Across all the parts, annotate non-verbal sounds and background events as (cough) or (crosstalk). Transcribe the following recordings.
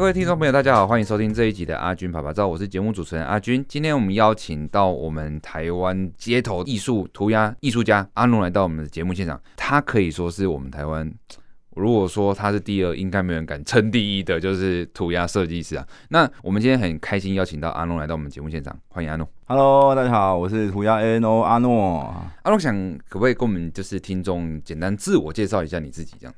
各位聽眾朋友，大家好，歡迎收聽這一集的阿軍爸爸照，我是節目主持人阿軍。今天我們邀請到我們台灣街頭藝術塗鴉藝術家阿諾來到我們的節目現場，他可以說是我們台灣，如果說他是第二，應該沒人敢稱第一的，就是塗鴉設計師啊。那我們今天很開心邀請到阿諾來到我們節目現場，歡迎阿諾。Hello，大家好，我是塗鴉 A N O 阿諾。阿諾想可不可以跟我們就是聽眾簡單自我介紹一下你自己這樣？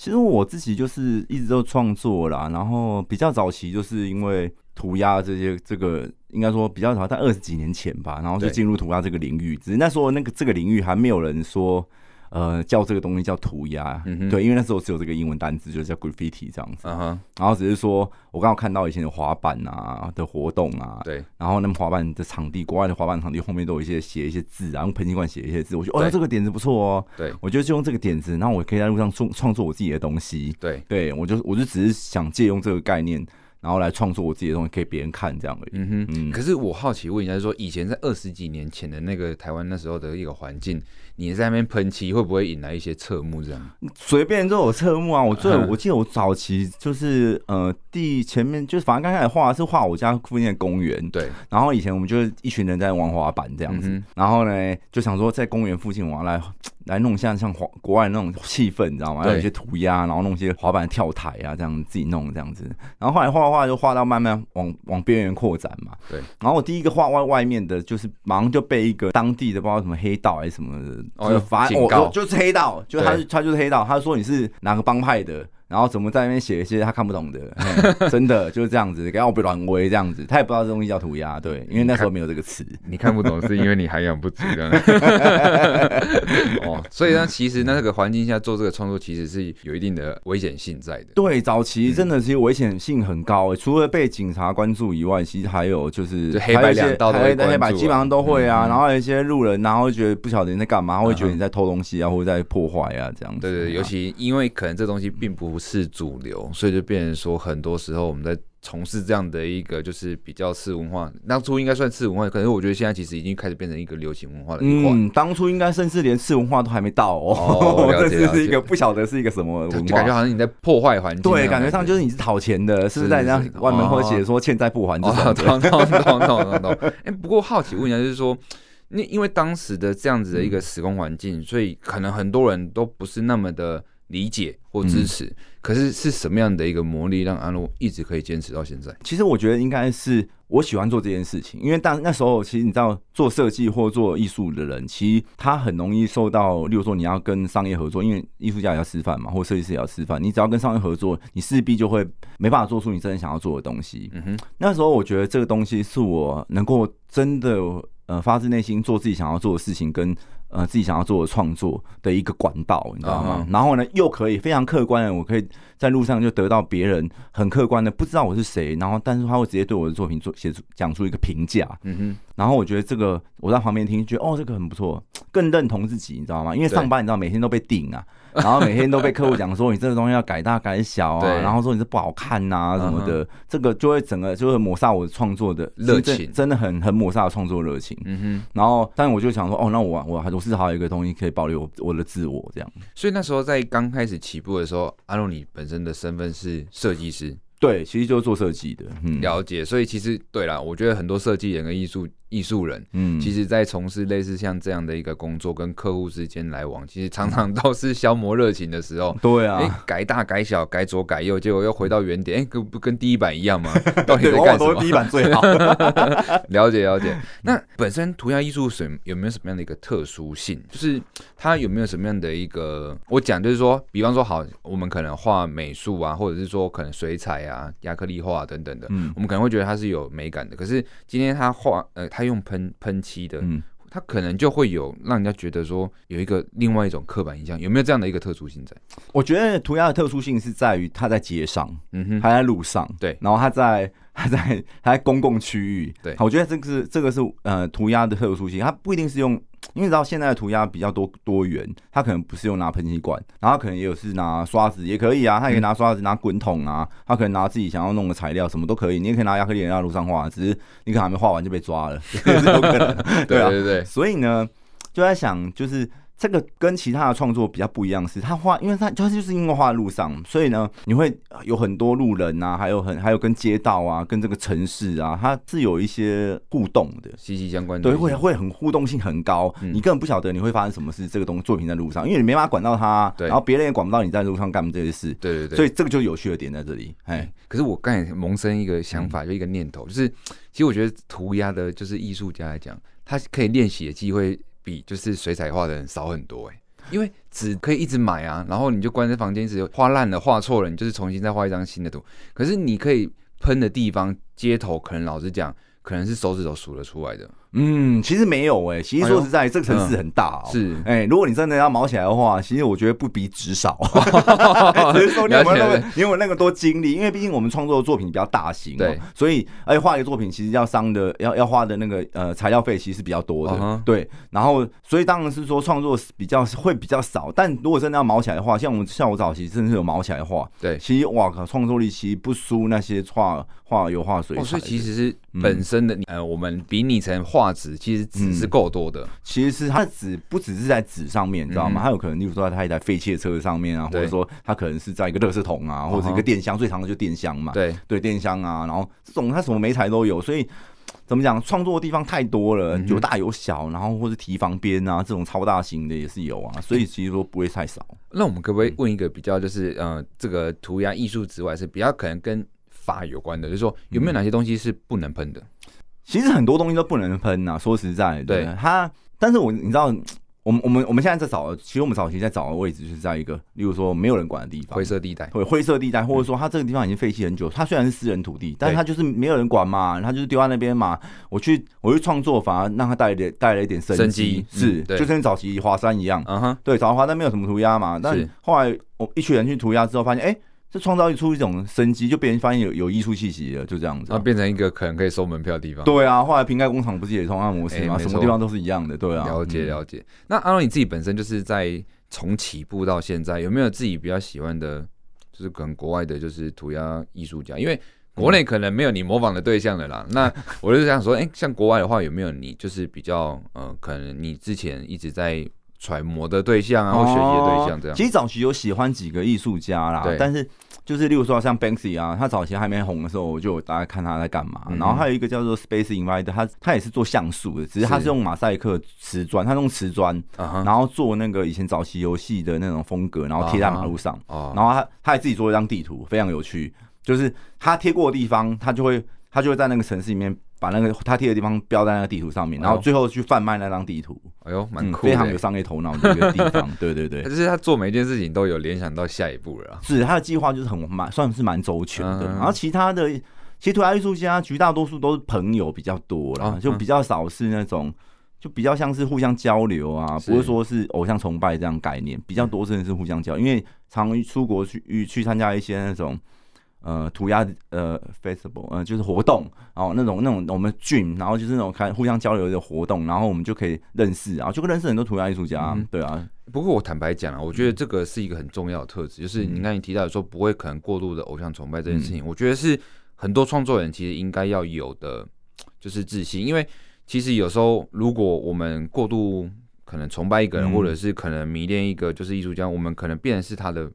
其實我自己就是一直都創作啦，然後比較早期就是因為塗鴉這些，這個應該說比較早，在二十幾年前吧，然後就進入塗鴉這個領域，只是那時候那個這個領域還沒有人說。呃，叫這個東西叫塗鴉、嗯，對，因為那時候只有這個英文單字，就是叫 graffiti 這樣子、嗯。然後只是說，我剛好看到以前的滑板啊的活動啊，對。然後那麼滑板的場地，國外的滑板的場地後面都有一些寫一些字、啊，然後噴漆罐寫一些字。我覺得哦，這個點子不錯哦、喔。對，我覺得就用這個點子，然後我可以在路上創創作我自己的東西。對，對我就我就只是想借用這個概念，然後來創作我自己的東西給別人看這樣而已。嗯哼，嗯。可是我好奇問一下就是說，說以前在二十幾年前的那個台灣那時候的一個環境。嗯你在那邊噴漆會不會引來一些側目這樣？隨便都有側目啊！我最我記得我早期就是呃第前面就是反正剛開始畫是畫我家附近的公園，對。然後以前我們就是一群人在玩滑板這樣子，然後呢就想說在公園附近玩來。來弄像像華國外那種氣氛，你知道嗎？還有一些塗鴉，然後弄一些滑板跳台啊，這樣自己弄這樣子。然後後來畫畫就畫到慢慢往往邊緣擴展嘛。對。然後我第一個畫外外面的，就是馬上就被一個當地的不知道什麼黑道還是什麼的、就是，哦，警告、哦，就是黑道，就是、他他就是黑道，他說你是哪個幫派的？然後怎麼在那邊寫一些他看不懂的，嗯、 (laughs) 真的就是這樣子，跟奧比軟威這樣子，他也不知道這東西叫塗鴉，對，因為那時候沒有這個詞。你看不懂是因為你涵養不足，這 (laughs) (laughs) (laughs) 哦，所以呢，其實那個環境下做這個創作，其實是有一定的危險性在的。對，早期真的其實危險性很高、嗯，除了被警察關注以外，其實還有就是就黑白兩道都會關注啊、黑白基本上都會啊，嗯、然後有一些路人，然後會覺得不曉得你在幹嘛、嗯，會覺得你在偷東西啊，嗯、或者在破壞啊這樣子啊。對，對對，尤其因為可能這東西並不。是主流，所以就變成說，很多時候我們在從事這樣的一個，就是比較次文化。當初應該算次文化，可是我覺得現在其實已經開始變成一個流行文化了。嗯，當初應該甚至連次文化都還沒到哦。Oh, (laughs) 這是一個不曉得是一個什麼文化，就感覺好像你在破壞環境。對，感覺上就是你是討錢的，是不是在這樣外門口寫說欠債不還。不過好奇問一下，就是說，因為當時的這樣子的一個時空環境，所以可能很多人都不是那麼的理解或支持。嗯可是是什麼樣的一個魔力，讓阿諾一直可以堅持到現在？其實我覺得應該是我喜歡做這件事情，因為當那時候其實你知道，做設計或做藝術的人，其實他很容易受到，例如說你要跟商業合作，因為藝術家也要吃飯嘛，或設計師也要吃飯，你只要跟商業合作，你勢必就會沒辦法做出你真正想要做的東西。嗯哼，那時候我覺得這個東西是我能夠真的呃發自內心做自己想要做的事情跟。呃，自己想要做的創作的一個管道，你知道嗎？然後呢，又可以非常客觀的，我可以在路上就得到別人很客觀的，不知道我是誰，然後但是他會直接對我的作品做寫出講出一個評價，嗯哼。然後我覺得這個我在旁邊聽，覺得哦、喔，這個很不錯，更認同自己，你知道嗎？因為上班你知道每天都被釘啊，然後每天都被客戶講說你這個東西要改大改小啊，然後說你是不好看吶、啊、什麼的，這個就會整個就會抹殺我創作的熱情，真的很很抹殺創作熱情，嗯哼。然後但是我就想說，哦，那我我還說。是好，有一個東西可以保留我我的自我這樣。所以那時候在剛開始起步的時候，阿諾你本身的身份是設計師，對，其實就是做設計的，嗯。了解。所以其實對啦，我覺得很多設計人跟藝術。藝術人，嗯，其實，在從事類似像這樣的一個工作，跟客戶之間來往，其實常常都是消磨熱情的時候。對啊，哎、欸，改大改小，改左改右，結果又回到原點，哎、欸，跟不跟第一版一樣嗎？ (laughs) 到底在幹什麼？ (laughs) 我我第一版最好。 (laughs) 了解了解、嗯。那本身塗鴉藝術水有沒有什麼樣的一個特殊性？就是它有沒有什麼樣的一個？我講就是說，比方說，好，我們可能畫美術啊，或者是說可能水彩啊、亞克力畫、啊、等等的、嗯，我們可能會覺得它是有美感的。可是今天他畫，呃。他用噴噴漆的，嗯，他可能就會有讓人家覺得說有一個另外一種刻板印象，有沒有這樣的一個特殊性在？我覺得塗鴉的特殊性是在於他在街上，嗯哼，他在路上，對，然後他在他在他在公共區域，對，我覺得這個是這個是呃塗鴉的特殊性，它不一定是用。因為你知道現在的塗鴉比較多多元，他可能不是用拿噴漆罐，然後可能也有是拿刷子也可以啊，他也可以拿刷子、拿滾筒啊，他、嗯、可能拿自己想要弄的材料，什麼都可以。你也可以拿亞克力在路上畫，只是你可能還沒畫完就被抓了， (laughs) (laughs) 對對對,對,對、啊，所以呢，就在想就是。這個跟其他的創作比較不一樣，是他畫，因為他他就是因為畫路上，所以呢，你會有很多路人啊，還有很還有跟街道啊，跟這個城市啊，它是有一些互動的，息息相關的。對，會會很互動性很高，嗯、你根本不曉得你會發生什麼事，這個東西作品在路上，因為你沒辦法管到它，對，然後別人也管不到你在路上幹這些事，對對對。所以這個就有趣的點在這裡。哎，可是我剛才萌生一個想法、嗯，就一個念頭，就是其實我覺得塗鴉的，就是藝術家來講，他可以練習的機會。比就是水彩畫的人少很多誒、欸，因為紙可以一直買啊，然後你就關在房間，只有畫爛了、畫錯了，你就是重新再畫一張新的圖。可是你可以噴的地方，街頭可能老實講，可能是手指頭數得出來的。嗯，其實沒有誒、欸。其實說實在，這個城市很大、喔哎嗯，是哎、欸，如果你真的要毛起來的話，其實我覺得不比紙少。哈哈哈因為那因、個、為 (laughs) 那個多精力，因為畢竟我們創作的作品比較大型，對，所以而且畫一個作品其實要傷的要要花的那個呃材料費其實是比較多的，uh -huh、對。然後所以當然是說創作比較會比較少，但如果真的要毛起來的話，像我們下午早期真的是有毛起來畫，對。其實哇靠，創作力其實不輸那些畫畫油畫水彩、哦、所以其實是本身的、嗯、呃我們比你成畫。畫紙其實紙是夠多的、嗯，其實是它的紙不只是在紙上面、嗯，你知道嗎？它有可能，比如說它一台廢棄車上面啊，或者說它可能是在一個垃圾桶啊，或者是一個電箱，uh -huh. 最常的就是電箱嘛。對，對，電箱啊，然後這種它什麼媒材都有，所以怎麼講，創作的地方太多了，有大有小，然後或者堤防邊啊，這種超大型的也是有啊，所以其實說不會太少。那我們可不可以問一個比較，就是呃，這個塗鴉藝術之外，是比較可能跟法有關的，就是說有沒有哪些東西是不能噴的？嗯其實很多東西都不能噴吶、啊，說實在，對他，但是我你知道，我們我們我們現在在找，其實我們早期在找的位置就是在一個，例如說沒有人管的地方，灰色地帶，灰色地帶，或者說他這個地方已經廢棄很久，他雖然是私人土地，但是他就是沒有人管嘛，他就是丟在那邊嘛，我去我去創作反而讓他帶了帶了一點生機。是、嗯，就像早期華山一樣，嗯、uh、哼 -huh，對，早期華山沒有什麼塗鴉嘛，但後來我一群人去塗鴉之後，發現哎。欸就創造一出一種生機，就別人發現有有藝術氣息了，就這樣子。那、啊、變成一個可能可以收門票的地方。對啊，後來瓶蓋工廠不是也創按摩師嗎、欸？什麼地方都是一樣的，對啊。了解了解。嗯、那阿諾你自己本身就是在從起步到現在，有沒有自己比較喜歡的，就是可能國外的，就是塗鴉藝術家？因為國內可能沒有你模仿的對象了啦、嗯。那我就想說，哎、欸，像國外的話，有沒有你就是比較呃，可能你之前一直在。揣摩的對象啊，或學習的對象這樣、哦。其實早期有喜歡幾個藝術家啦，但是就是例如說像 Banksy 啊，他早期還沒紅的時候，我就有大概看他在幹嘛、嗯。然後還有一個叫做 Space Invader，他他也是做像素的，只是他是用馬賽克瓷磚，他用瓷磚、uh -huh，然後做那個以前早期遊戲的那種風格，然後貼在馬路上。Uh -huh uh -huh uh -huh、然後他他也自己做了一張地圖，非常有趣，就是他貼過的地方，他就會他就會在那個城市裡面。把那個他貼的地方標在那個地圖上面，然後最後去販賣那張地圖。哎呦，蠻酷的、嗯，非常有商業頭腦的一個地方。 (laughs) 對對對，就是他做每一件事情都有聯想到下一步了、啊。是他的計劃就是很蠻，算是蠻周全的嗯嗯。然後其他的，其實塗鴉藝術家絕大多數都是朋友比較多啦，哦、就比較少是那種、嗯，就比較像是互相交流啊，不是說是偶像崇拜這樣概念，比較多真的是互相交流，因為常於出國去去參加一些那種。呃，塗鴉呃 Festival 呃，就是活動哦，那種那種我們群，然後就是那種看互相交流的活動，然後我們就可以認識啊，然後就認識很多塗鴉藝術家、嗯。對啊，不過我坦白講啊，我覺得這個是一個很重要的特質，嗯、就是你剛才提到說不會可能過度的偶像崇拜這件事情、嗯，我覺得是很多創作人其實應該要有的就是自信，因為其實有時候如果我們過度可能崇拜一個人，嗯、或者是可能迷戀一個就是藝術家，我們可能變的是他的。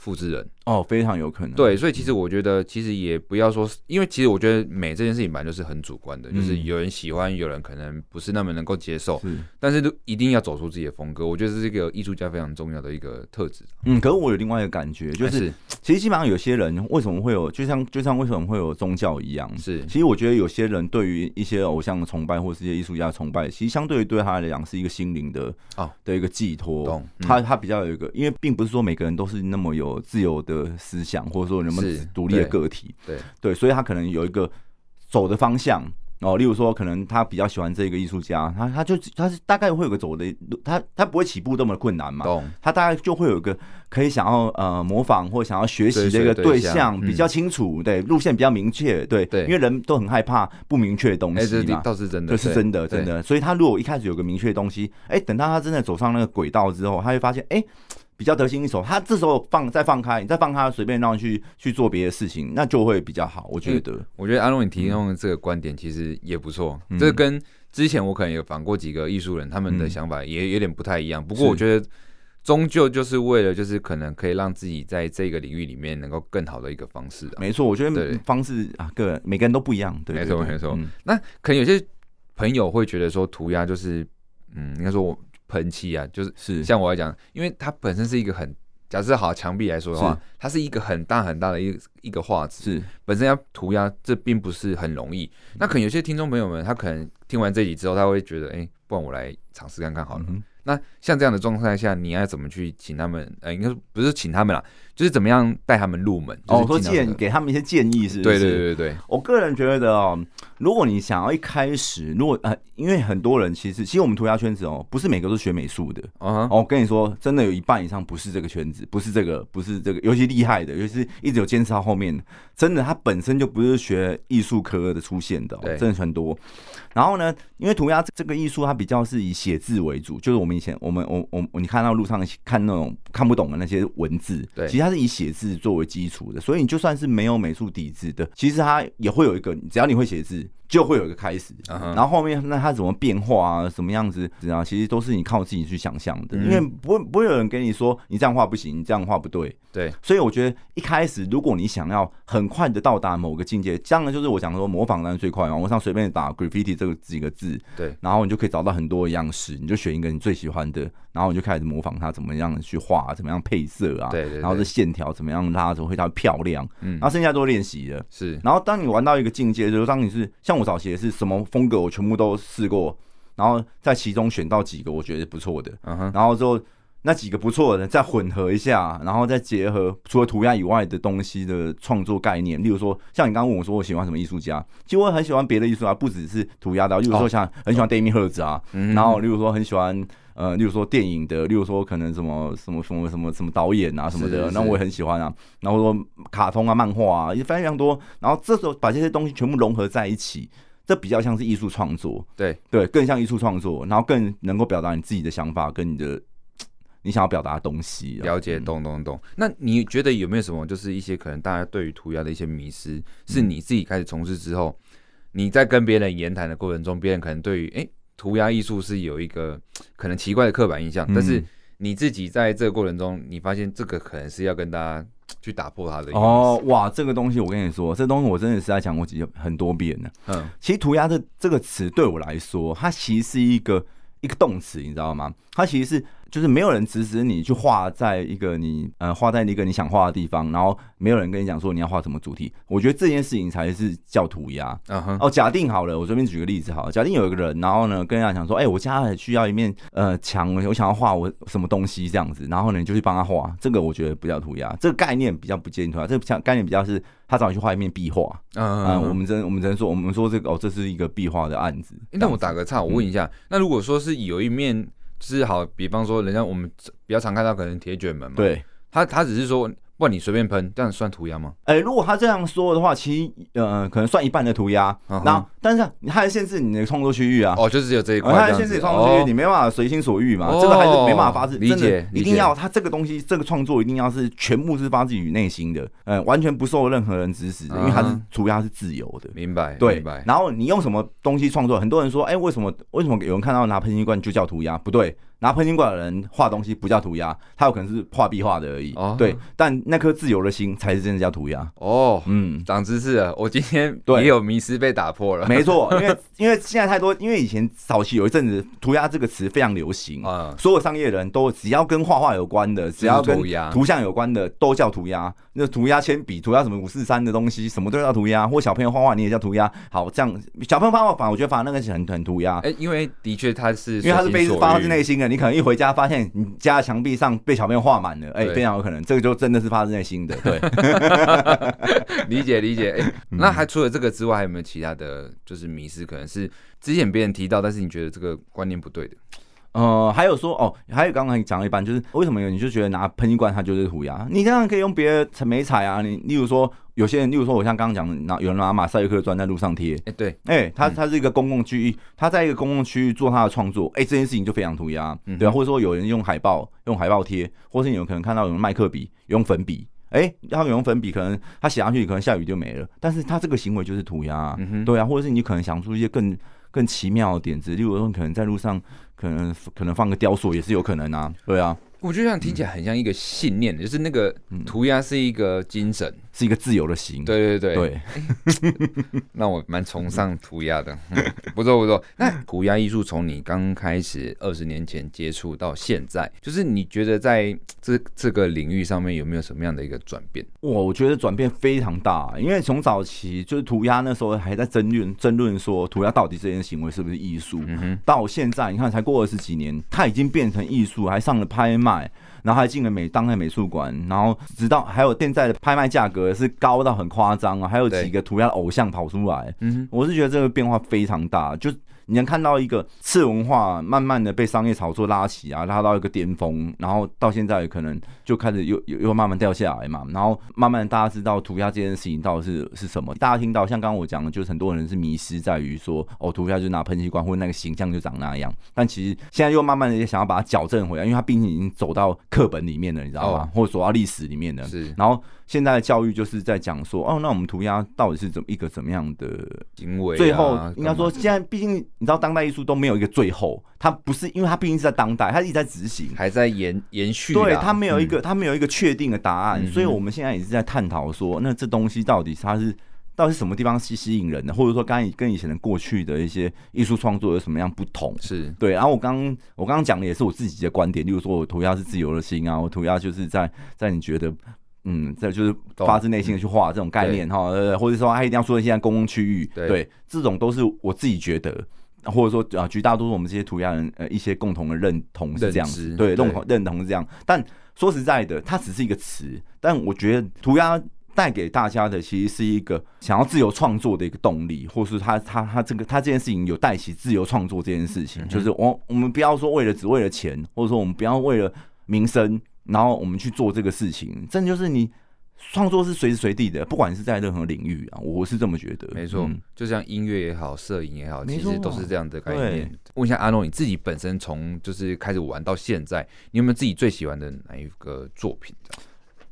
複製人哦，非常有可能對，所以其實我覺得，其實也不要說、嗯，因為其實我覺得美這件事情本來就是很主觀的，嗯、就是有人喜歡，有人可能不是那麼能夠接受，是，但是都一定要走出自己的風格，我覺得這是一個藝術家非常重要的一個特質。嗯，可是我有另外一個感覺，就是，是其實基本上有些人為什麼會有，就像就像為什麼會有宗教一樣，是，其實我覺得有些人對於一些偶像的崇拜或是一些藝術家崇拜，其實相對於對他來講是一個心靈的啊的一個寄託、懂，嗯，他他比較有一個，因為並不是說每個人都是那麼有。自由的思想，或者說人們獨立的個體，對對，所以他可能有一個走的方向哦。例如說，可能他比較喜歡這個藝術家，他他就他是大概會有一個走的，他他不會起步這麼困難嘛、哦？他大概就會有一個可以想要呃模仿或想要學習的一個對象比較清楚，對，對，對、嗯、對路線比較明確，對，對，因為人都很害怕不明確的東西嘛、欸，倒是真的，這、就是真的真的。所以他如果一開始有一個明確的東西，哎、欸，等到他真的走上那個軌道之後，他會發現哎。欸比較得心應手，他這時候放再放開，你再放開，隨便讓去去做別的事情，那就會比較好。我覺得，嗯、我覺得阿諾你提供的這個觀點其實也不錯，這、嗯就是、跟之前我可能有訪過幾個藝術人、嗯，他們的想法也有點不太一樣。嗯、不過我覺得，終究就是為了就是可能可以讓自己在這個領域裡面能夠更好的一個方式、啊。沒錯，我覺得方式啊，各個人每個人都不一樣，對，對，對，對。沒錯，沒錯、嗯。那可能有些朋友會覺得說，塗鴉就是，嗯，應該說我。噴漆啊，就是像我來講，因為它本身是一個很，假設好牆壁來說的話，它是一個很大很大的一一個畫質，是本身要塗鴉，這並不是很容易。嗯、那可能有些聽眾朋友們，他可能聽完這集之後，他會覺得，哎、欸，不然我來嘗試看看好了。嗯那像這樣的狀態下，你要怎麼去請他們？呃、欸，應該不是請他們啦，就是怎麼樣帶他們入門。哦，就是、說建，給他們一些建議是不是？對對對對，對，我個人覺得哦，如果你想要一開始，如果、呃、因為很多人其實，其實我們塗鴉圈子哦，不是每個都學美術的，嗯、uh-huh. 哦，我跟你說，真的有一半以上不是這個圈子，不是這個，不是這個，尤其厲害的，尤其是一直有堅持到後面，真的他本身就不是學藝術科的出現的、哦，真的很多。然後呢，因為塗鴉這個藝術，它比較是以寫字為主，就是我們。我們我我你看到路上看那種看不懂的那些文字，其實它是以寫字作為基礎的，所以你就算是沒有美術底子的，其實它也會有一個，只要你會寫字。就會有一個開始，uh -huh. 然後後面那它怎麼變化啊，什麼樣子？這其實都是你靠自己去想象的、嗯，因為不會不會有人跟你說你這樣畫不行，你這樣畫不對。對，所以我覺得一開始如果你想要很快的到達某個境界，這樣呢就是我想說模仿當然最快嘛。我想隨便打 “graffiti” 這個幾個字，對，然後你就可以找到很多樣式，你就選一個你最喜歡的，然後你就開始模仿它怎麼樣去畫，怎麼樣配色啊，對,對,對，然後這線條怎麼樣拉，怎麼會它漂亮？嗯，然後剩下都練習了。是，然後當你玩到一個境界，就當你是像。多少鞋是什麼風格？我全部都試過，然後在其中選到幾個我覺得不錯的、嗯哼，然後之後那幾個不錯的再混合一下，然後再結合除了塗鴉以外的東西的創作概念。例如說，像你剛剛問我說我喜歡什麼藝術家，其實我很喜歡別的藝術家，不只是塗鴉的。例如說，像很喜歡 Damien Hirst 啊，然後例如說很喜歡。呃，例如說電影的，例如說可能什麼什麼什麼什麼什麼導演啊什麼的，那我也很喜歡啊。然後說卡通啊、漫畫啊，也非常多。然後這時候把這些東西全部融合在一起，這比較像是藝術創作，對對，更像藝術創作，然後更能夠表達你自己的想法跟你的你想要表達的東西。了解，懂懂懂。那你覺得有沒有什麼，就是一些可能大家對於塗鴉的一些迷思，是你自己開始從事之後，嗯、你在跟別人言談的過程中，別人可能對於哎。欸塗鴉藝術是有一個可能奇怪的刻板印象，嗯、但是你自己在這個過程中，你發現這個可能是要跟大家去打破它的哦。哇，這個東西我跟你說，這個、東西我真的是在講過幾很多遍了、啊。嗯，其實塗鴉這這個詞對我來說，它其實是一個一個動詞，你知道嗎？它其實是。就是沒有人指使你去畫在一個你呃畫在一個你想畫的地方，然後沒有人跟你講說你要畫什麼主題。我覺得這件事情才是叫塗鴉。Uh -huh. 哦，假定好了，我這邊舉個例子好了。假定有一個人，然後呢，跟人家講說，哎、欸，我家需要一面呃牆，我想要畫我什麼東西這樣子，然後呢，你就去幫他畫。這個我覺得不叫塗鴉，這個概念比較不接近塗鴉。這個像概念比較是他找你去畫一面壁畫。嗯、uh、嗯 -huh. 呃。我們真的我們真的說我們說這個哦，這是一個壁畫的案子、uh -huh. 但欸。那我打個岔，我問一下，嗯、那如果說是有一面。就是好，比方說，人家我們比較常看到，可能鐵卷門嘛，對，他他只是說。不管你隨便噴，這樣算塗鴉嗎？哎、欸，如果他這樣說的話，其實呃，可能算一半的塗鴉。那、uh -huh. 但是他還限制你的創作區域啊。哦、oh,，就是只有這一塊這、呃、他還限制創作區域，oh. 你沒辦法隨心所欲嘛。Oh. 這個還是沒辦法發自、oh. 真的理解，一定要他這個東西，這個創作一定要是全部是發自於內心的，呃，完全不受任何人指使的，uh -huh. 因為他是塗鴉是自由的。明白？對。明白。然後你用什麼東西創作？很多人說，哎、欸，為什麼為什麼有人看到人拿噴漆罐就叫塗鴉？不對。拿噴漆罐的人畫東西不叫塗鴉，他有可能是畫壁畫的而已。哦、oh.，對，但那顆自由的心才是真的叫塗鴉。哦、oh,，嗯，長知識了，我今天也有迷思被打破了。沒錯，因為因為現在太多，因為以前早期有一陣子塗鴉這個詞非常流行啊，oh. 所有商業人都只要跟畫畫有關的，只要跟圖像有關的都叫塗鴉。那塗鴉鉛筆、塗鴉什麼五四三的東西，什麼都叫塗鴉，或小朋友畫畫你也叫塗鴉。好，這樣小朋友畫畫反而我覺得反而那個是很很塗鴉。哎、欸，因為的確他是因為他是被發自內心的。你可能一回家發現，你家牆壁上被小朋友畫滿了。哎、欸，非常有可能，這個就真的是發自內心的，對，理 (laughs) 解理解。哎、欸嗯，那還除了這個之外，還有沒有其他的就是迷思？可能是之前別人提到，但是你覺得這個觀念不對的。呃，還有說哦，還有剛剛講了一半，就是為什麼有你就覺得拿噴漆罐它就是塗鴉？你當然可以用別的媒材啊，你例如說有些人，例如說我像剛剛講，拿有人拿馬賽克磚在路上貼，哎、欸、對，哎、欸、他他是一個公共區域、嗯，他在一個公共區域做他的創作，哎、欸、這件事情就非常塗鴉，對啊、嗯，或者說有人用海報用海報貼，或是你有可能看到有人麥克筆用粉筆。哎、欸，他用粉筆，可能他寫上去，可能下雨就沒了。但是他這個行為就是塗鴉、啊嗯，對啊，或者是你可能想出一些更更奇妙的點子，例如說你可能在路上，可能可能放個雕塑也是有可能啊，對啊。我就想聽起來很像一個信念、嗯、就是那個塗鴉是一個精神，是一個自由的心。對對對。對。 (laughs) (laughs) 那我蠻崇尚塗鴉的，嗯嗯，不錯不錯。那塗鴉藝術從你剛開始二十年前接觸到現在，就是你覺得在這這個領域上面有沒有什麼樣的一個轉變？我我覺得轉變非常大，因為從早期就是塗鴉那時候還在爭論，爭論說塗鴉到底這件行為是不是藝術、嗯，到現在你看才過二十幾年，它已經變成藝術，還上了拍賣。然後還進了美當代美術館，然後直到還有現在的拍賣價格是高到很誇張啊，還有幾個塗鴉偶像跑出來，嗯哼，我是覺得這個變化非常大，就。你能看到一個次文化慢慢的被商業炒作拉起啊，拉到一個巔峰，然後到現在可能就開始又又慢慢掉下來嘛。然後慢慢的大家知道塗鴉這件事情到底是是什麼？大家聽到像剛剛我講的，就是很多人是迷失在於說哦，塗鴉就拿噴漆罐或者那個形象就長那樣。但其實現在又慢慢的想要把它矯正回來，因為它畢竟已經走到課本裡面了，你知道吧？哦，或者走到歷史裡面了。是。然後現在的教育就是在講說哦，那我們塗鴉到底是怎麼一個怎麼樣的行為啊？最後應該說，現在畢竟。你知道當代藝術都沒有一個最後，它不是，因為它畢竟是在當代，它一直在執行，還在延延續。對，它沒有一個，嗯、它沒有一個確定的答案，嗯。所以我們現在也是在探討說，那這東西到底它是到底是什麼地方吸吸引人的，或者說剛剛跟以前的過去的一些藝術創作有什麼樣不同？是對。然後我剛我剛剛講的也是我自己的觀點，例如說我塗鴉是自由的心啊，我塗鴉就是在在你覺得嗯，這就是發自內心的去畫這種概念哈，或者說他一定要說一些現在公共區域對，對，這種都是我自己覺得。啊，或者說啊，絕大多數我們這些塗鴉人呃，一些共同的認同是這樣子，認對認同認同是這樣。但說實在的，它只是一個詞。但我覺得塗鴉帶給大家的，其實是一個想要自由創作的一個動力，或是他他他這個他這件事情有帶起自由創作這件事情。嗯、就是我我們不要說為了只為了錢，或者說我們不要為了名聲，然後我們去做這個事情。這就是你。創作是隨時隨地的，不管是在任何領域啊，我是這麼覺得。沒錯、嗯，就像音樂也好，攝影也好，啊，其實都是這樣的概念。問一下阿諾，你自己本身從就是開始玩到現在，你有沒有自己最喜歡的哪一個作品？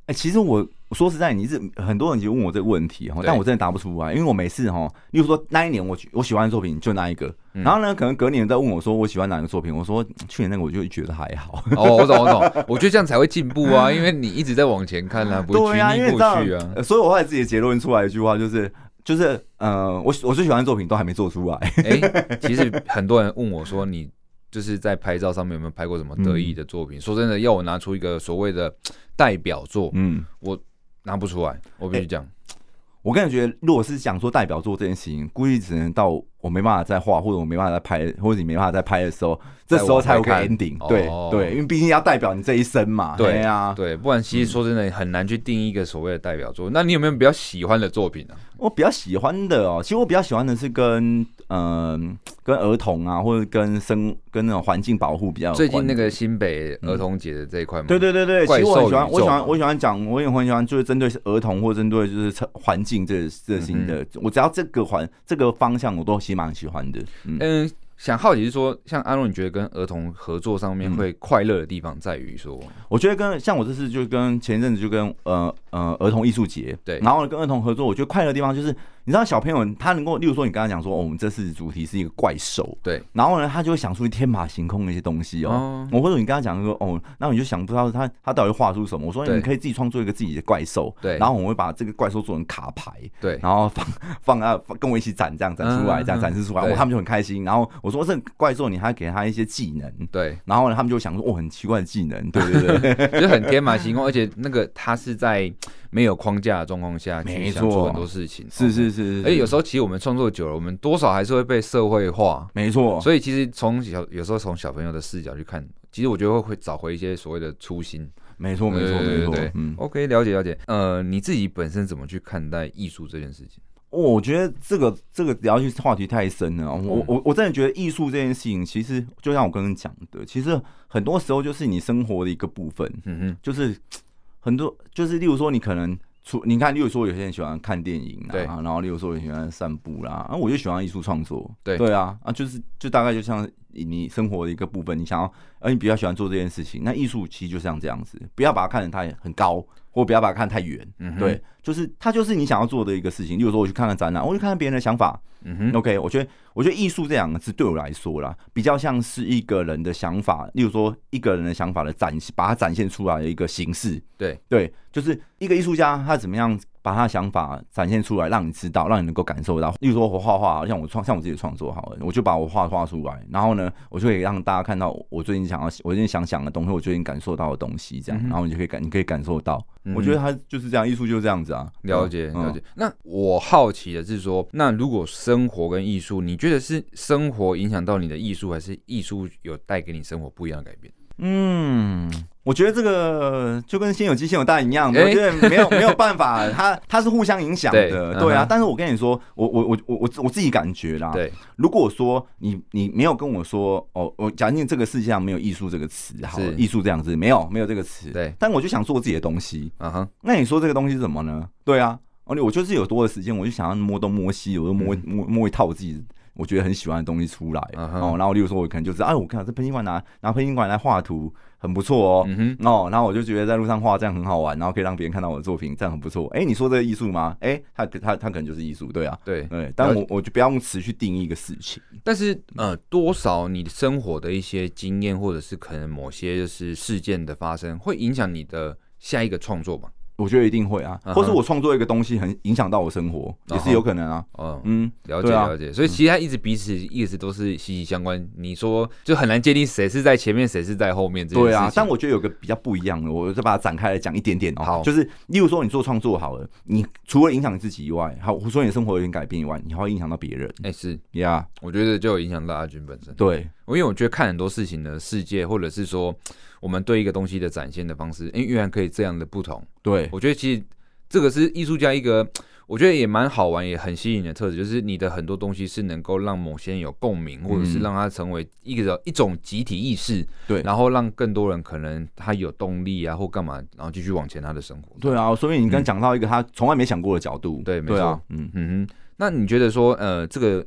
哎，欸，其實我。我說實在，你是很多人就問我這個問題哈，但我真的答不出來，因為我每次哈，比如說那一年我我喜歡的作品就那一個、嗯，然後呢，可能隔年再問我說我喜歡哪個作品，我說去年那個我就覺得還好。哦，我懂我懂，我覺得這樣才會進步啊， (laughs) 因為你一直在往前看啊， (laughs) 不會拘泥過去啊。所以我後來自己結論出來一句話就是，就是呃，我我最喜歡的作品都還沒做出來、欸。其實很多人問我說你就是在拍照上面有沒有拍過什麼得意的作品？嗯、說真的，要我拿出一個所謂的代表作，嗯，我。拿不出來，我跟你講，我感覺如果是想說代表作這件事情，估計只能到。我沒辦法再畫，或者我沒辦法再拍，或者你沒辦法再拍的時候，這時候才有 ending。哦對。對對，因為畢竟要代表你這一生嘛。對呀、啊，對，不然其實說真的很難去定義一個所謂的代表作，嗯。那你有沒有比較喜歡的作品呢？啊？我比較喜歡的哦，其實我比較喜歡的是跟嗯、呃、跟兒童啊，或者跟生跟那種環境保護比較。最近那個新北兒童節的這一塊，嘛、嗯。對對對對。其實我很喜歡，我喜歡我喜歡講，我也很喜歡就是針對兒童或針對就是環境這、嗯、這些的。我只要這個環這個方向我都。其實蠻喜歡的。嗯，嗯，想好奇是說，像阿諾你覺得跟兒童合作上面會快樂的地方在於說，我覺得跟像我這次就跟前一陣子就跟呃呃兒童藝術節，對，然後跟兒童合作，我覺得快樂的地方就是。你知道小朋友他能夠，例如說你跟他講說，哦，我們這次主題是一個怪獸，對，然後呢，他就會想出一天馬行空的一些東西哦。嗯、我或者你跟他講說，哦，那你就想不到他他到底畫出什麼？我說你可以自己創作一個自己的怪獸，對，然後我們會把這個怪獸做成卡牌，對，然後放放啊放，跟我一起展這樣展出來，嗯、這樣展示出來、嗯出來，我他們就很開心。然後我說這怪獸你還給他一些技能，對，然後呢他們就會想說我、哦、很奇怪的技能，對對對、對， (laughs) 就很天馬行空， (laughs) 而且那個他是在。沒有框架的狀況下去想做很多事情，嗯、是是是是。有時候其實我們創作久了，我們多少還是會被社會化。沒錯。所以其實從小有時候從小朋友的視角去看，其實我覺得會，會找回一些所謂的初心。沒錯、呃、沒錯沒錯嗯。OK，了解了解。呃，你自己本身怎麼去看待藝術這件事情？我覺得這個這個聊下去話題太深了、哦。我我我真的覺得藝術這件事情，其實就像我剛剛講的，其實很多時候就是你生活的一個部分。嗯哼嗯。就是。很多就是，例如說，你可能出你看，例如說，有些人喜歡看電影啊，啊，然後例如說，我喜歡散步啦、啊，啊，我就喜歡藝術創作對，對啊，啊就是就大概就像你生活的一個部分，你想要，而你比較喜歡做這件事情，那藝術其實就像這樣子，不要把它看得太很高，或不要把它看得太遠、嗯，對，就是它就是你想要做的一個事情。例如說我去看看展覽，我去看看展覽，我去看看別人的想法，嗯哼，OK，我覺得。我覺得藝術這兩個字對我來說啦，比較像是一個人的想法，例如說一個人的想法的展現，把它展現出來的一個形式。對對，就是一個藝術家他怎麼樣把他的想法展現出來，讓你知道，讓你能夠感受到。例如說我畫畫，像我創，像我自己創作好了，我就把我畫畫出來，然後呢，我就可以讓大家看到我最近想要，我最近想想的東西，我最近感受到的東西，這樣、嗯，然後你就可以感，你可以感受到。嗯、我覺得他就是這樣，藝術就是這樣子啊。了解、嗯、了解。那我好奇的是說，那如果生活跟藝術，你覺得這是生活影響到你的藝術，還是藝術有帶給你生活不一樣的改變？嗯，我覺得這個就跟先有雞先有蛋一樣、欸，我覺得沒有沒有辦法， (laughs) 它它是互相影響的。對，對啊、嗯，但是我跟你說，我我我我我自己感覺啦。對，如果說你你沒有跟我說哦，我假定這個世界上沒有藝術這個詞，好，藝術這樣子沒有沒有這個詞，對，但我就想做自己的東西。嗯哼，那你說這個東西是什麼呢？對啊，而且我就是有多的時間，我就想要摸東摸西，我就摸、嗯、摸摸一套我自己。我覺得很喜歡的東西出來、uh -huh. 哦，然後例如說，我可能就是、uh -huh. 哎，我看到這噴漆罐拿拿噴漆罐來畫圖很不錯哦，uh -huh. 哦，然後我就覺得在路上畫這樣很好玩，然後可以讓別人看到我的作品，這樣很不錯。哎、欸，你說這個藝術嗎？哎、欸，他他他，他可能就是藝術，對啊，對對。但我我就不要用詞去定義一個事情。但是呃，多少你生活的一些經驗，或者是可能某些就是事件的發生，會影響你的下一個創作吧？我覺得一定會啊，uh -huh. 或是我創作一個東西，很影響到我生活，uh -huh. 也是有可能啊。嗯、uh -huh. uh -huh. 嗯，了解、啊、了解，所以其實它一直彼此一直都是息息相關、嗯。你說就很難界定誰是在前面，誰是在後面。對啊，但我覺得有個比較不一樣的，我就把它展開來講一點點哦。Uh -huh. 就是例如說你做創作好了，你除了影響自己以外，好，或者說你的生活有點改變以外，你還會影響到別人。哎、欸，是呀，yeah. 我覺得就有影響到阿軍本身。對。因為我覺得看很多事情的世界，或者是說我們對一個東西的展現的方式，因原來可以這樣的不同。對，我覺得其實這個是藝術家一個我覺得也蠻好玩也很吸引的特質，就是你的很多東西是能夠讓某些人有共鳴，或者是讓他成為一個、嗯、一種集體意識，對，然後讓更多人可能他有動力啊或幹嘛，然後繼續往前他的生活。對，對啊，所以你剛講到一個他從來沒想過的角度，嗯、對，沒錯、啊，嗯嗯哼，那你覺得說呃這個？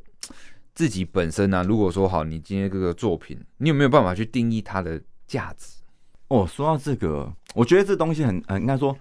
自己本身呢、啊？如果說好，你今天這個作品，你有沒有辦法去定義它的價值？哦，說到這個，我覺得這東西很很、呃，應該說，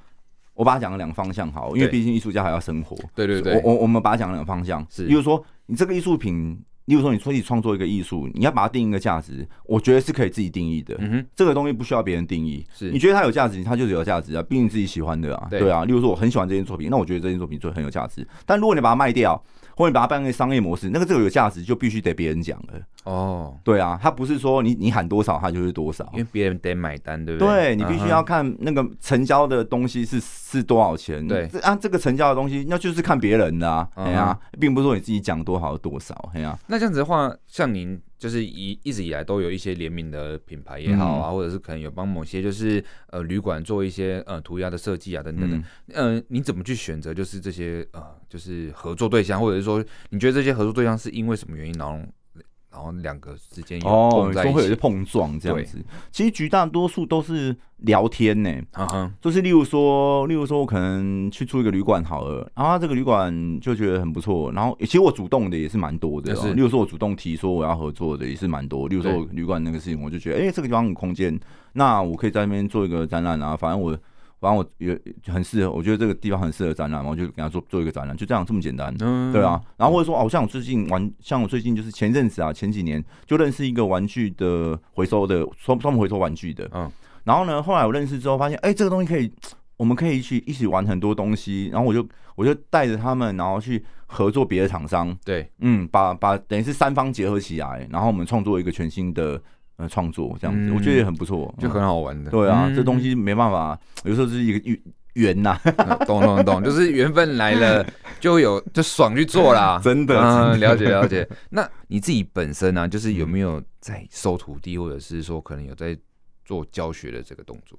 我把它講了兩個方向好，好，因為畢竟藝術家還要生活。對對對，我我我們把它講兩個方向，是，比如說你這個藝術品。例如說，你說你創作一個藝術，你要把它定一個價值，我覺得是可以自己定義的。嗯哼，這個東西不需要別人定義。是你覺得它有價值，它就是有價值啊，畢竟自己喜歡的啊，對，對啊。例如說，我很喜歡這件作品，那我覺得這件作品就很有價值。但如果你把它賣掉，或者你把它辦一個商業模式，那個這個有價值就必須得別人講了。哦，對啊，他不是說你你喊多少，它就是多少，因為別人得買單，對不對？對，你必須要看那個成交的東西是是多少錢。對，這，啊，這個成交的東西，那就是看別人的啊。哎呀，啊嗯，並不是說你自己講多少多少，哎呀，這樣子的話，像您就是一一直以來都有一些聯名的品牌也好啊，或者是可能有幫某些就是呃旅館做一些呃塗鴉的設計啊等等的，嗯，你怎麼去選擇就是這些呃就是合作對象，或者是說你覺得這些合作對象是因為什麼原因呢、啊？然後兩個之間一、哦、也總會有一些碰撞這樣子。其實絕大多數都是聊天呢、欸，Uh-huh. 就是例如說，例如說我可能去住一個旅館好了，然後這個旅館就覺得很不錯。然後其實我主動的也是蠻多的，是例如說我主動提說我要合作的也是蠻多。例如說我旅館那個事情，我就覺得哎，這個地方有空間，那我可以在那邊做一個展覽啊，反正我。反正我也很適合，我覺得這個地方很適合展覽，然後我就給他做做一個展覽，就這樣這麼簡單。嗯，對啊。然後或者說，哦，像我最近玩，像我最近就是前陣子啊，前幾年就認識一個玩具的回收的，專門回收玩具的。嗯。然後呢，後來我認識之後發現，哎，這個東西可以，我們可以去一起玩很多東西。然後我就我就帶着他們，然後去合作別的廠商。對。嗯，把把等於是三方結合起來，然後我們創作一個全新的。呃，創作這樣子、嗯，我覺得也很不錯，就很好玩的。嗯、對啊、嗯，這東西沒辦法，有時候就是一個緣吶、啊嗯，懂懂懂，就是緣分來了 (laughs) 就有就爽去做啦。真的，真的嗯、了解了解。那你自己本身呢、啊，就是有沒有在收徒弟，或者是說可能有在做教學的這個動作？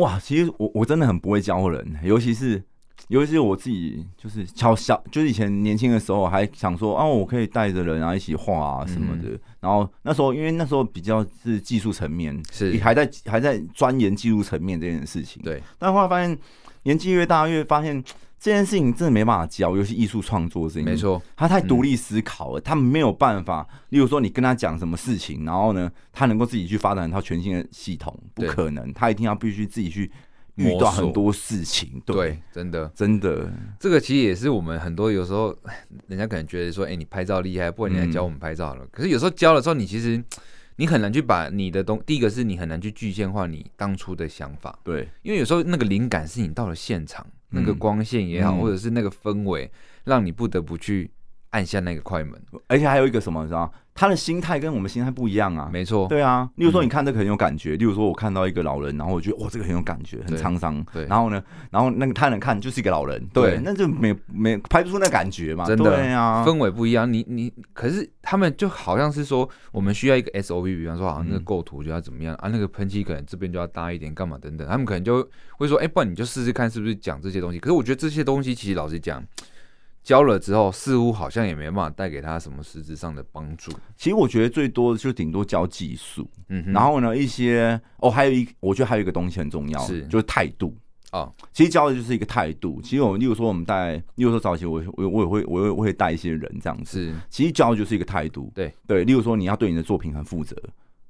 哇，其實我我真的很不會教人，尤其是。尤其是我自己，就是小小，就是以前年輕的時候，還想說啊，我可以帶着人啊一起畫啊什麼的。然後那時候，因為那時候比較是技術層面，是還在還在鑽研技術層面這件事情。對。但後來發現，年紀越大，越發現這件事情真的沒辦法教，尤其是藝術創作這件事情。沒錯，他太獨立思考了，他沒有辦法。例如說，你跟他講什麼事情，然後呢，他能夠自己去發展一套全新的系統，不可能。他一定要必須自己去。遇到很多事情對，對，真的，真的，這個其實也是我們很多有時候，人家可能覺得說，哎、欸，你拍照厲害，不然你來教我們拍照了。嗯。可是有時候教的時候，你其實你很難去把你的東，第一個是你很難去具現化你當初的想法，對，因為有時候那個靈感是你到了現場，嗯、那個光線也好，嗯、或者是那個氛圍，讓你不得不去按下那個快門，而且還有一個什麼，你知道嗎，他的心態跟我們心態不一樣啊，沒錯。對啊，例如說你看這個很有感覺，嗯、例如說我看到一個老人，然後我覺得哇，這個很有感覺，很滄桑。對，然後呢，然後那個他人看就是一個老人，對，對那就沒沒拍不出那個感覺嘛，真的呀、啊，氛圍不一樣。你你可是他們就好像是說，我們需要一個 SOP，比方說啊，那個構圖就要怎麼樣、嗯、啊，那個噴漆可能這邊就要搭一點，幹嘛等等，他們可能就會說，哎、欸，不然你就試試看是不是講這些東西。可是我覺得這些東西其實老實講。教了之後，似乎好像也沒辦法帶給他什麼實質上的幫助。其實我覺得最多的就頂多教技術，嗯，然後呢一些哦，還有一，我覺得還有一個東西很重要，是就是態度啊，哦。其實教的就是一個態度。其實我例如說我們帶，例如說早期我我我也會我也會帶一些人這樣子。其實教的就是一個態度。對對，例如說你要對你的作品很負責。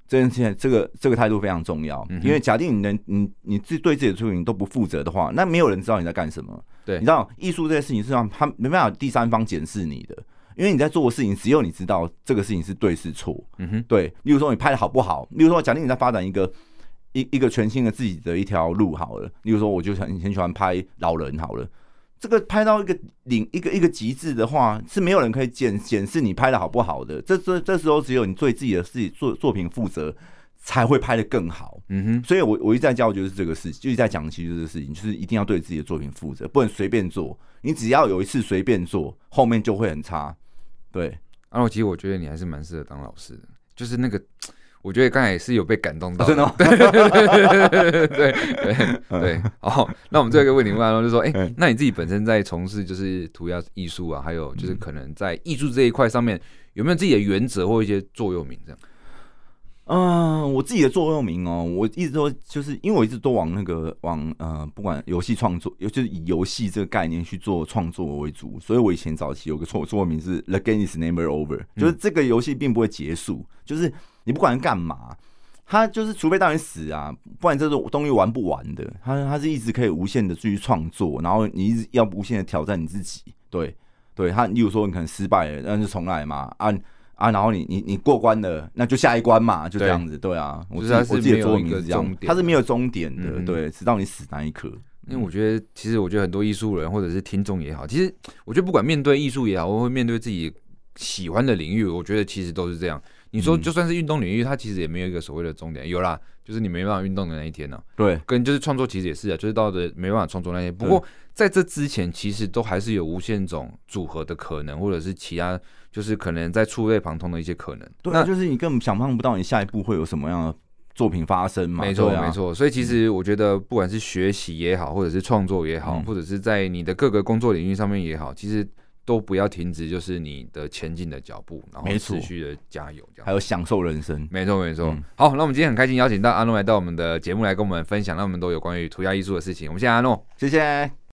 這件事這個這個態度非常重要，嗯、因為假定你能你你自對自己的作品都不負責的話，那沒有人知道你在幹什麼。對，你知道藝術這件事情是讓他沒辦法第三方檢視你的，因為你在做的事情只有你知道這個事情是對是錯。嗯哼，對，例如說你拍得好不好，例如說假定你在發展一個一一個全新的自己的一條路好了，例如說我就很很喜歡拍老人好了。這個拍到一個領，一個一個極緻的話，是沒有人可以檢檢視你拍得好不好的。這這這時候只有你對自己的自己作作品負責，才會拍得更好。嗯哼，所以我我一直在教，就是這個事情，一直在講，其實就是這個事情，就是一定要對自己的作品負責，不能隨便做。你只要有一次隨便做，後面就會很差。對，然後其實我覺得你還是蠻適合當老師的，就是那個。我覺得剛才也是有被感動到，真的，oh, no? (laughs) 對，對對對對對，好，那我們最後一個問題問完，然後就是說，哎，欸，uh, 那你自己本身在從事就是塗鴉藝術啊，還有就是可能在藝術這一塊上面有沒有自己的原則或一些座右銘這樣？嗯、呃，我自己的座右銘哦，我一直都就是因為我一直都往那個往呃，不管遊戲創作，尤、就、其是以遊戲這個概念去做創作為主，所以我以前早期有個座右銘是 “The game is never over”，就是這個遊戲並不會結束，就是。你不管幹嘛，他就是除非當你死啊，不然這種東西玩不完的。他他是一直可以無限的繼續創作，然後你一直要無限的挑戰你自己。對對，他例如說你可能失敗了，那就重來嘛。啊啊，然後你你你過關了，那就下一關嘛，就這樣子。對，對啊，我、就是在世界有一個終點，他是沒有終點的。點的，嗯、對，直到你死那一刻。因為我覺得，其實我覺得很多藝術人或者是聽眾也好，其實我覺得不管面對藝術也好，或面對自己喜歡的領域，我覺得其實都是這樣。你說就算是運動領域，它其實也沒有一個所謂的終點，有啦，就是你沒辦法運動的那一天呢。對，跟就是創作其實也是啊，就是到了沒辦法創作那一天。不過在這之前，其實都還是有無限種組合的可能，或者是其他，就是可能在觸類旁通的一些可能。對，就是你根本想象不到你下一步會有什麼樣的作品發生嘛。啊、沒錯，沒錯。所以其實我覺得，不管是學習也好，或者是創作也好，或者是在你的各個工作領域上面也好，其實。都不要停止，就是你的前進的腳步，然後持續的加油，還有享受人生。沒錯，沒錯、嗯。好，那我們今天很開心邀請到阿諾來到我們的節目來跟我們分享，那麼多有關於塗鴉藝術的事情。我們謝謝阿諾，謝謝。